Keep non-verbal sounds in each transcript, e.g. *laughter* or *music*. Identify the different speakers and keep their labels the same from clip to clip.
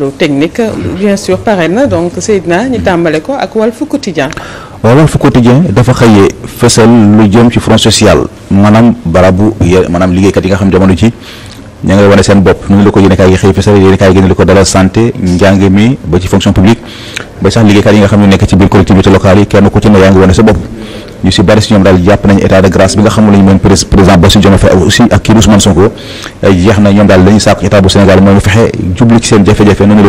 Speaker 1: lu technique bien sûr pare na donc Seydina ñu tàmbale ko ak Walf Quotidien waaw Walf Quotidien dafa xëyee fësal lu jëm ci front social maanaam barabu y maanaam liggéeykat yi nga xam jamono ci ña ngay wane seen bopp ñu ngi la ko yéen a kaay yi xëy fësal yéen a ko dala santé njàng mi ba ci fonction publique ba sax liggéeykat yi nga xam ne nekk ci biir collectivité locale yi daal jàpp nañ nga xam ne bu Sénégal mooy mu fexe jublu ci nga xam ne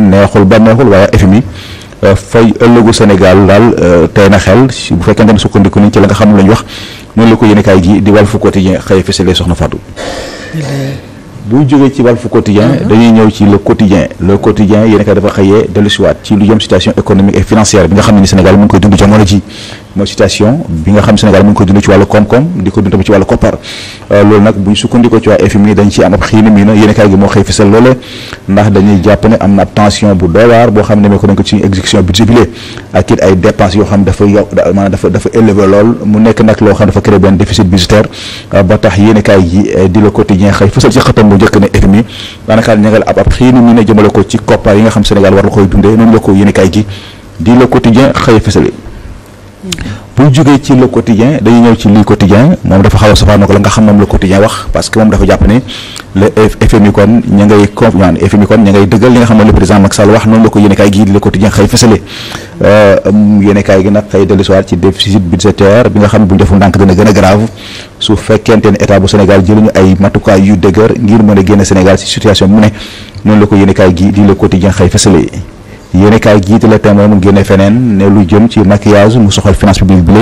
Speaker 1: neexul ba neexul waaye FMI euh, fay ëllëgu Sénégal daal euh, tey na xel bu fekkente ne sukkandiku nañ ci la nga xam ne wax noonu la ko yéenekaay gi di Walf Quotidien xëy fësale soxna Fatou. bu jógee ci Walf Quotidien ah. dañuy ñëw ci le quotidien le quotidien yéenekaay dafa xëyee dellusiwaat ci lu jëm situation économique et financière bi nga xam ne ni Sénégal mu ngi koy dund jamono ji. mooy situation bi nga xam Sénégal mu ngi ko dund ci wàllu koom-koom di ko dund ci wàllu koppar euh, loolu bu ñu sukkandikoo boo xam ne mee ko nañ ko ci exécution budget bi ak it ay dépenses yoo xam dafa yow maanaam dafa dafa élevé lool euh, ba tax yéen euh, kaay gi di Le Quotidien xëy fisal ci xatam bu njëkk ne koy dundee noonu la ko yéen kaay gi di Le Quotidien xëy bu ñu jógee ci le quotidien dañuy ñëw ci lii quotidien moom dafa xaw a safaanoo ko la nga xam moom le quotidien wax parce que moom dafa jàpp ne le FMI kon ña ngay confirmé FMI kon ña ngay dëggal li nga xam ne le président Macky Sall wax noonu la ko yéenekaay gi le quotidien xëy fësale euh, nga xam ne bu ñu gën a grave su fekkente ne état bu ay matukaay yu dëgër ngir mën a génne Sénégal ci situation mu ne noonu la ko yéenekaay gi di le quotidien xëy fësale yéen gi gii di la témoin mu génne feneen ne lu jëm ci maquillage mu soxal finance publique bi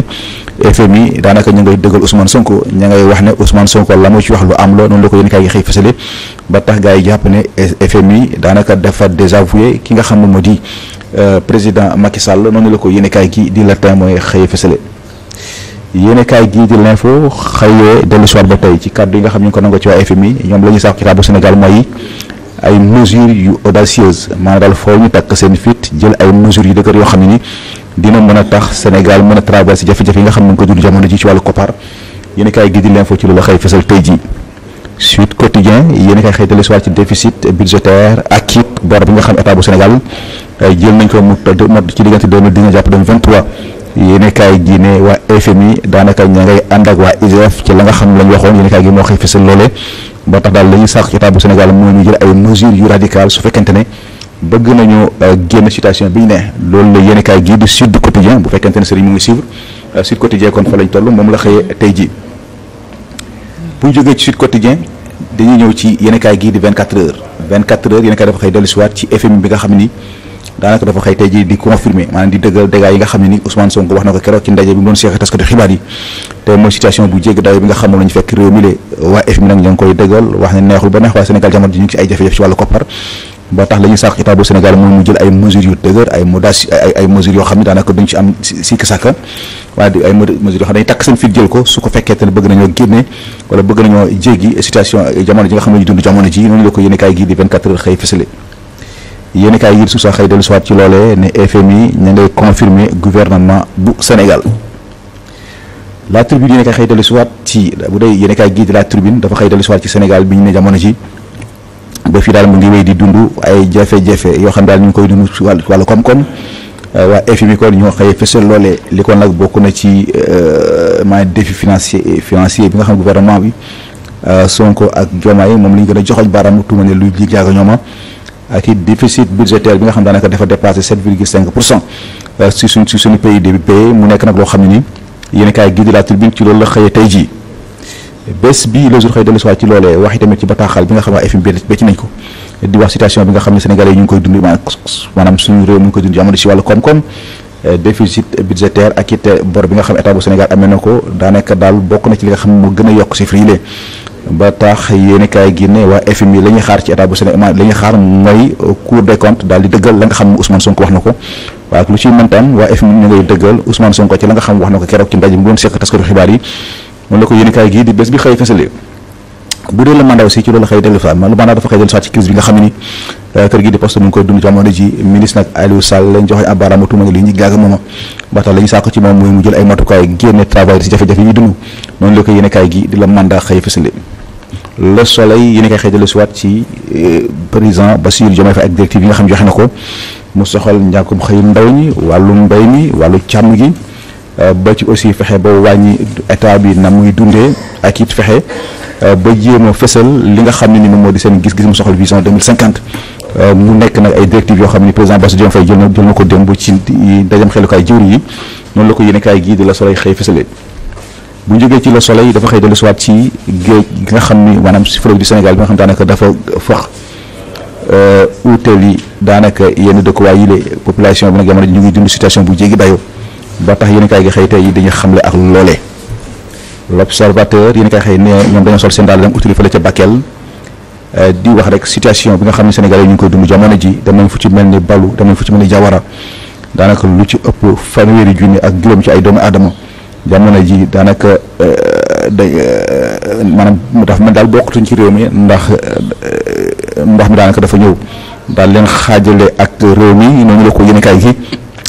Speaker 1: la FMI daanaka ñu ngay dëggal Ousmane Sonko ña ngay wax ne Ousmane Sonko la mu ci wax lu am la noonu la ko yéen kaay gi tax gars yi jàpp ne FMI daanaka dafa désavoué ki nga xam ne moo di euh, président Macky Sall noonu la ko yéen kaay gi di la témoin xëy fësale yéene kaay gii di l'info xëyee dellu soir ba tey ci kàddu yi nga xam ñu ngi ko nangoo ci waa FMI ñoom la ñuy sàkku ci état bu Sénégal mooy ay mesures yu audacieuses maanaam daal foo ñu takk seen fit jël ay mesures yu dëgër yoo xam ni dina mën a tax Sénégal mën a traversé jafe-jafe yi nga xam na ne ko dund jamono ji ci wàllu koppar yéen kaay gi di l'info ci loolu xëy fesal tey jii Sud Quotidien yéen kaay xëy dellu si waat ci déficit budgétaire ak bi nga xam état bu Sénégal jël nañ ko mu mot ci diggante 2019 jàpp 2023 yéen kaay gi ne waa FMI daanaka ña ngay ànd ak waa IGF ci la nga xam lañ waxoon yéen kaay gi moo xëy fesal loolee ba tax daal la ñuy sàq état bu Sénégal mooy ñu jël ay mesures yu radicales su fekkente ne bëgg nañu euh, génn situation bi ñu ne loolu la yéen kaay gii di Sud Quotidien bu fekkente ne sëriñ mu ngi suivre euh, Sud Quotidien kon fa lañ toll moom la xëyee tey jii bu ñu jógee ci Sud Quotidien dañuy ñëw ci yéen kaay gii di 24 heures 24 heures yéen kaay dafa xëy dellusiwaat ci FM bi nga xam ni. daanaka dafa xëy tey ji di confirmer maanaam di dëggal dégâts yi nga xam ne ni Ousmane Sonko wax na ko keroog ci ndaje bi mu doon seex taskati xibaar yi te mooy situation bu jégg dayo ba am ne dañuy takk seen fit jël su ko fekkee te bëgg nañoo génne wala bëgg nañoo nga xam ne ñu dund jamono ji noonu la ko yéene gii di 24 heures xëy fësale yéen kaay ngir suuf sax xay dellu siwaat ci loolee ne FMI ña ngay confirmer gouvernement bu Sénégal la tribune yéen kaay xëy dellu siwaat ci bu dee yéen kaay gii di la tribune dafa xay dellu siwaat ci Sénégal bi ñu ne jamono ji ba daal mu ngi wéy di dund ay jafe-jafe yoo xam daal ñu koy dundu ci wàllu wàllu koom-koom euh, waa FMI kon ñoo xëy fësal loolee li ko nag bokk na ci euh, maanaam defi financier financier bi nga xam gouvernement bi euh, Sonko ak Diomaye moom la ñu gën a joxoñ baaraam lu li ak i déficit budgétaire bi nga xam daanaka dafa dépassé 7,5 pour cent euh, si suñ suñu PIB bi mu nekk nag loo xam ne ni yéen kaay gi de la tribune ci loolu la xëyee tey jii bés bi le jour xëy ci loolee wax tamit ci bataaxal bi nga xam ne waa FMI bécc nañ ko di wax situation bi nga xam ne sénégalais yi ñu ngi koy dund maanaam suñu réew mi ngi koy dund jamono si wàllu koom-koom euh, déficit budgétaire ak it bor bi nga xam état bu Sénégal amee na ko daanaka daal bokk na ci li nga xam ne moo gën yokk chiffre ba tax yéenekaay gi ne waa FMI la ñuy xaar ci état bu Sénégal la ñuy xaar mooy Cour des comptes daal di dëggal la nga xam Ousmane Sonko wax na ko waaye lu ci mëntaan waa xam wax na ko keroog ci ndaje mu doon seq taskatu xibaar yi moom la ko yéenekaay gi di bés bi lu mandat dafa xëy dellu ci crise bi nga xam ne ni euh, kër gi di poste mu ngi koy dund jamono ji ministre nag Aliou Sall lañ joxe ab baaraamu tuuma ne li ñu gaaga mooma ba tax la ñu ci moom mooy mu jël ay matukaay génne travail si jafe-jafe yi dund noonu la ko yéenekaay gi le soleil yéen a ngi xëy dellu waat ci euh, président Bassirou Diomaye Faye ak directive yi nga xam joxe na ko mu soxal njàkkum xëyum ndaw ñi wàllum mbay mi wàllu càmm gi euh, ba ci aussi fexe ba wàññi état bi na muy dundee ak it fexe euh, ba jéem a fësal li nga xam ne ni moom moo di seen gis-gis mu soxal vision 2050 mu nekk nag ay directives yoo xam ni président Bassirou Diomaye Faye jël jël na ko démb ci ndajam xelukaay jëwri yi noonu la ko yéen a kaay gii de la soleil xëy fësalee bu ñu jógee ci le soleil dafa xëy dellu si waat ci géej gi nga xam ni maanaam si fleuve du Sénégal bi nga xam daanaka dafa fax hôtel euh, yi daanaka yenn dëkkuwaay yi le population bi nag jamono ñu ngi dund situation bu jéggi dayo ba tax yéen kaay gi xëy tey dañu xamle ak loolee l' observateur yéen kaay xëy ne ñoom dañoo sol seen daal dem utili fële ca Bakel euh, di rek situation bi nga xam ne Sénégal yi ñu ngi koy dund jamono ji dem nañ fu ci mel ni Balu dem nañ fu ci mel ni Jawara daanaka lu ci ëpp fanweeri junni ak juróom ci ay doomu aadama jamono ji daanaka euh, day euh, maanaam dafa mel daal bokkatuñ ci réew mi ndax euh, ndox mi daanaka dafa ñëw daal leen xaajale ak réew mi noonu la ko yéenekaay gi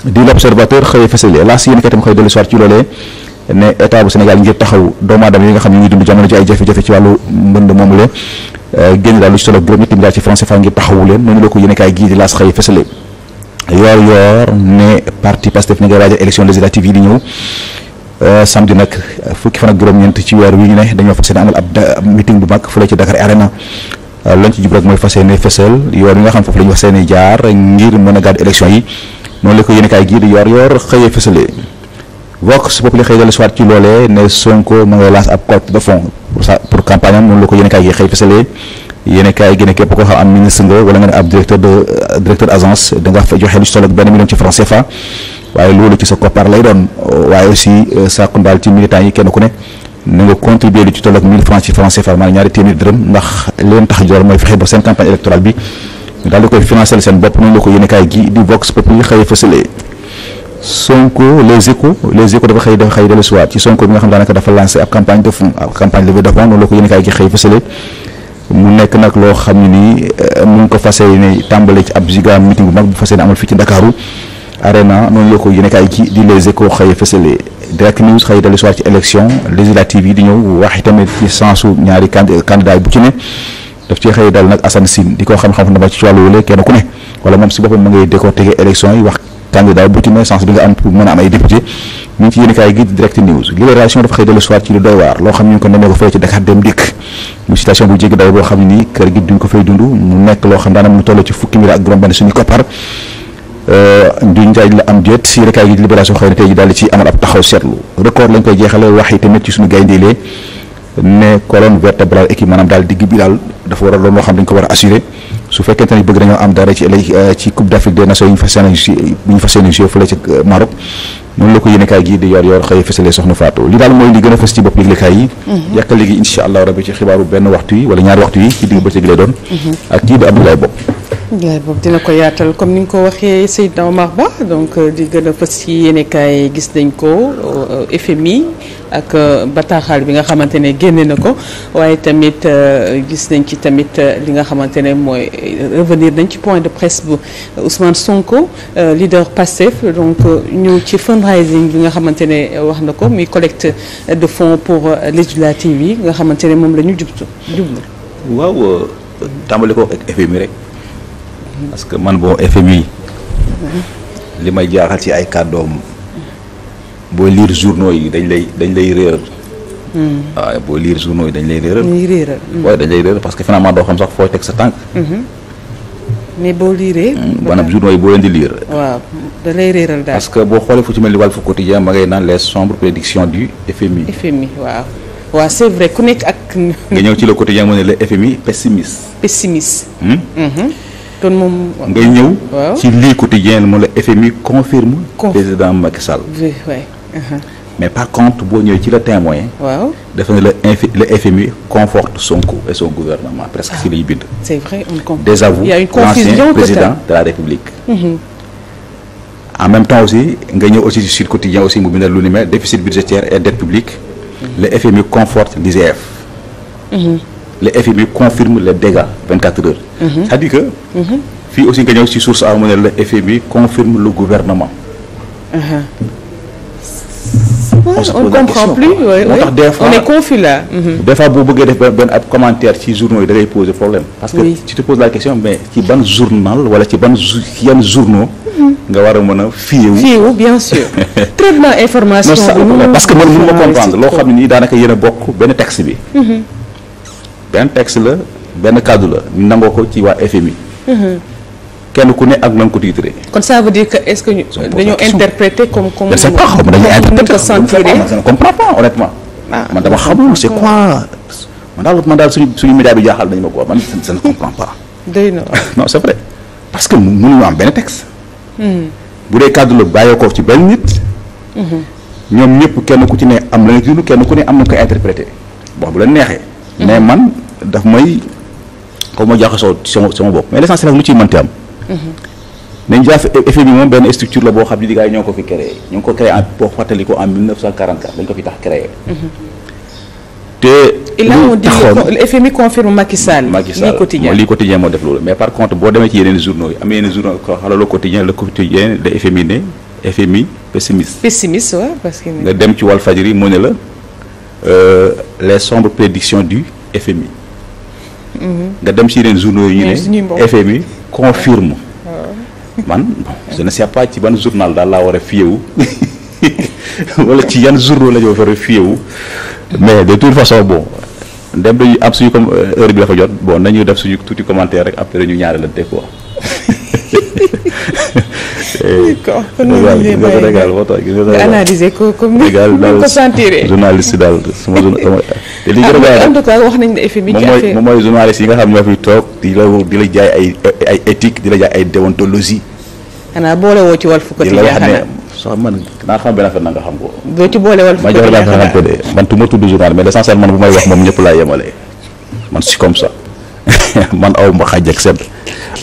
Speaker 1: di l'observateur xëy fësale laas yéenekaay tam xëy dellu si waat ci loolee ne état yi nga xam ne ñu ngi dund jamono ji ay jafe-jafe ci wàllu mbënd moomu leen génn daal lu ci solo juróom-ñetti milliards ci francs CFA ngir taxawu leen noonu la ko yéenekaay gii di laas xëy fësale yoor yoor ne parti Pastef ni nga waajal élection di ñëw Euh, samedi nag euh, fukki fan ak juróom-ñeent ci weer wi ñu ne dañoo fas yéene amal ab meeting bu mag fële ci Dakar Arena euh, lañ ci jub rek mooy fas yéene fësal yoon yi nga xam jaar ngir mën a gàddu élection yi noonu la ko yéen kaay gii di yor yor xëyee fësalee Vox Populi xëy dellu soit ci loolee ne Sonko mu ngay lance ab collecte de fonds pour sa pour campagne am noonu la ko yéen kaay gi xëy fësalee yéen kaay gi ne képp koo xam am ministre nga wala waaye loolu ci sa koppar lay doon waaye aussi euh, sàkku daal ci militants yi kenn ku ne na nga contribuer lu ci toll ak 1000 francs ci francs CFA maanaam ñaari téeméer dërëm ndax leen tax joor mooy fexe ba seen campagne électorale bi daal di koy financer seen bopp noonu la ko yéenekaay gi di Vox Populi Sonko les échos les échos dafa xëy dafa xëy dellu ci Sonko bi nga xam daanaka dafa lancé ab campagne de fonds campagne levée de noonu la ko yéenekaay gi xëy fësalee mu nekk nag loo xam ne nii euh, ko fas yéene tàmbale ci ab ziga meeting bu mag bu fas yéene fii ci Ndakaaru arena noonu la ko yéen a kaay gi di les échos xëy fësale direct news xëy dellu soir ci élection législative yi di ñëw wax itamit ci sensu ñaari candidat bu ci ne daf ci xëy dal nag Assane Sine di ko xam-xam dama ci ne wala am a am ay député ñu ci yéen gi direct news libération dafa xëy dellu soir ci doy waar loo xam ñu ko nemee ko fay ci Dakar dem dikk mu situation bu jéggi daw boo xam ne kër gi duñ ko fay dund mu nekk loo xam Euh, du njaaj la am déet si rekaay gi libération xëy na tey ji daal di ci amal ab taxaw seetlu record lañ koy jeexale wax yi tamit metti suñu gayndeelee ne colonne vertébrale équipe maanaam daal digg bi daal dafa war a doon loo xam dañ ko war a assuré su fekkente ne bëgg nañoo am dara ci euh, ci coupe d' afrique des nations yi ñu fas yéene ñu fas yéene joué fële ci euh, Maroc noonu la ko yéenekaay gii di yor yor xëy fësalee soxna Fatou li daal mooy li gën a fës ci bopp yëglekaay yi mhm. yàq léegi incha allah rabi ci xibaaru benn waxtu yi wala ñaari waxtu yi ci digg bëccëg lay doon mhm. ak kii di Abdoulaye Bob Abdoulaye euh, a ak euh, bataaxal bi nga xamante ne génne na ko waaye tamit euh, gis nañ ci tamit euh, li nga xamante ne mooy revenir nañ ci point de presse bu Ousmane Sonko leader Pastef donc ñëw ci fundraising bi nga xamante ne wax na ko muy collecte de fonds pour législative yi nga xamante ne moom la ñu jubtu jublu waaw tàmbali ko ak FMI rek parce que man bon FMI mhm. li may jaaxal ci ay kàddoom boo liir journaux yi dañ lay dañ lay réeral. Hmm. waaw boo lire journaux yi dañ lay réeral. dañ réeral. waaw hmm. dañ lay réeral parce que finalement doo xam sax fooy teg sa tànk. Hmm. mais boo liiree. maanaam journaux yi boo leen di lire. parce que boo xoolee fu ci mel ni Walf Quotidien ma ngay naan les sombres prédictions du FMI. FMI waaw c'est vrai ku nekk ak. *laughs* nga ñëw ci le Quotidien mu ne le pessimiste. pessimiste. kon moom. ngay ñëw. ci lii Quotidien mu ne le FMI confirme. confirme président Uh-huh. mais par contre boo ñëwee ci le témoin waaw dafa ne le FMI conforte Sonko et son gouvernement presque ah. si lay bind c'est vrai on comprend désavoue de la République mm-hmm. en même temps aussi nga ñëw aussi sur quotidien aussi mu bindal lu ni mel déficit budgétaire et dette publique mm-hmm. le FMI conforte l'IGF mm-hmm. le FMI confirme les dégâts 24 heures cest dire que fii aussi nga ñëw si source a mu ne le FMI confirme le gouvernement uh-huh. on on comprend plus moo tax des fois on est confus là. Mhm. ci journaux yi da lay poser parce que tu te poses la wala ci ban ci yan mhm. war a a fiyewu. fiyewu bien sûr. *laughs* traitement information parce que man mënu ma comprendre loo xam ne nii daanaka yéen a bokk benn texte bi. Mhm. benn texte la benn kàddu la ñu nangoo ko ci waa FMI. kenn ku ne ak na nga ko tiitre. kon ça veut dire que est-ce que ñu. dañoo interpréter comme comme. je ne sais pas xaw ma dañuy interpréter je ne comprends pas honnêtement. Ah. man dama xamul c'est quoi. man daal man daal suñu suñu média bi jaaxal nañu ma quoi man je ne comprends pas. *laughs* day na non c'est vrai parce que mënuñu am benn texte. Hmm. bu dee kàddu la bàyyeekoo ci benn nit. Hmm. ñoom ñëpp kenn ku ci ne am la nga dund kenn ku ne am na ko interpréter bon bu la neexee. Hmm. mais man daf may xaw ma jaaxasoo ci sama sama bopp mais l'essentiel lu ciy mënti am. Mm-hmm. nañ jaaf e-, FMI moom benn structure la boo xam ni gars yi ñoo ko fi créé ñoo ko créé en boo fàttali ko en 1944 dañ ko fi tax créé. Mm-hmm. te. il a dit FMI confirme Macky Sall. Macky Sall lii quotidien moo def loolu mais par contre boo demee ci yeneen journaux yi am na yeneen journaux yoo xam le quotidien le quotidien de FMI ne FMI pessimiste. nga dem ci Walfadjri mu ne la euh, les sombres prédictions du FMI. Mhm. nga dem si yeneen journaux yi ñu ne FMI confirme man bon je ne sais ci ban journal daal laa war a fiyewu *laughs* wala ci yan journaux la ñu war a fiyewu mais de toute façon bon dem dañu am suñu comme euh, heure bi dafa jot bon nañu def suñu tuuti commentaire rek après ñu ñaarelante quoi *laughs* d'accord kon noonu ñu ngi analyser ko comme ni ko sentir. journaliste daal sama wax nañ ne effet bi. ci affaire moom mooy journaliste yi nga xam ñoo fi toog di la jaay ay ay éthique di la jaay ay déontologie. xanaa boole woo ci Walf Quotidien xanaa soo man naa xam benn affaire na nga xam ko. doo ci boole Walf man tu ma tudd journal mais l'essentiel man bu may wax moom ñëpp laa yemale man si comme ça man aw ma xàjj ak sedd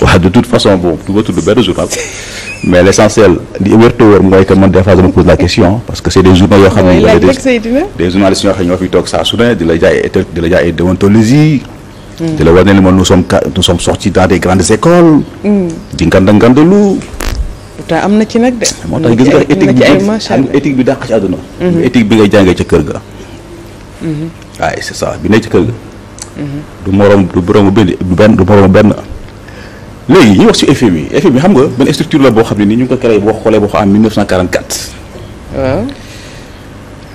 Speaker 1: waaw de toute façon boobu du ma tudd benn journal mais l' essentiel li wér mooy que man des fois pose la question parce que c' est des journaux yoo xam ne. laaj des journalistes yoo xam ne ñoo fi toog saa su ne di la jaay état di la jaay déontologie. Hmm. di hmm. nganda ngandalu. pourtant am na ci nag de. moo tax gis nga éthique bi am éthique bi dàq ci àdduna. Hmm. éthique bi ngay jàngee ca kër ga. waaye c' ça bi nekk ci kër ga. du moroom du borom benn du benn du moroom benn. léegi ñu wax ci FMI FMI xam nga benn structure la boo xam ne ni ñu ngi ko créé boo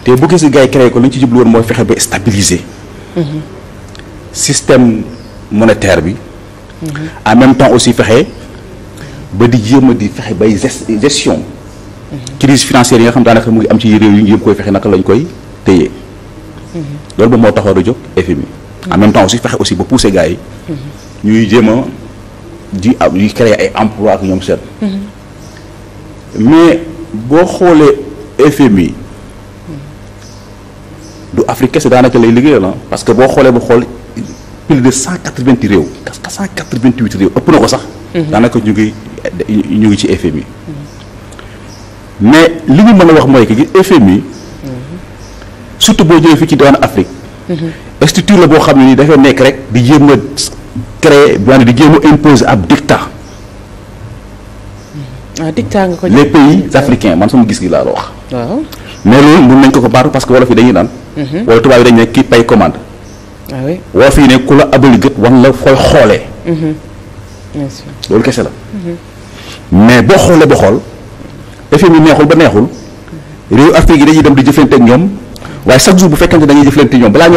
Speaker 1: te bu gis gars yi créé ko li ci jublu mooy fexe ba stabiliser. Mhm. système monétaire bi. Mhm. en même temps aussi fexe ba di jéem a di fexe bay gestion. Mhm. crise financière yi nga xam daanaka mu ngi am ci réew yi ñu koy fexe naka lañ koy téye. loolu ba moo taxaw a jóg FMI. en même temps aussi fexe aussi ba pousser gars yi. ñuy jéem di am di créer ay emploi ak ñoom seen mais boo xoolee FMI du Afrique kese daanaka lay liggéeyal ah parce que boo xoolee ba xool plus de cent quatre-vingt réew cent quatre-vingt-huit réew ëpp na ko sax daanaka ñu ngi ñu ngi ci FMI mais li ñu mën a wax mooy que FMI surtout boo jëlee fii ci diwaan Afrique mhm. structure la boo xam ne dafay nekk rek di jéem a créer maanaam di jéem a imposer ab dictat. ah dictat nga ko les pays africains man sama gis gi laa la wax. waaw mais loolu mun nañ ko ko baatu parce que wolof yi dañuy naan. Mhm. wala tubaab yi dañ ne kii pay commande. waaw ah oui ne ku la abali gët wan la koy xoolee. Mhm. bien sûr loolu kese la. Mhm. mais boo xoolee ba xool effet mi neexul ba neexul réew Afrique yi dañuy dem di jëflante ak ñoom waaye chaque jour bu fekkente dañuy jëflante ñoom balaa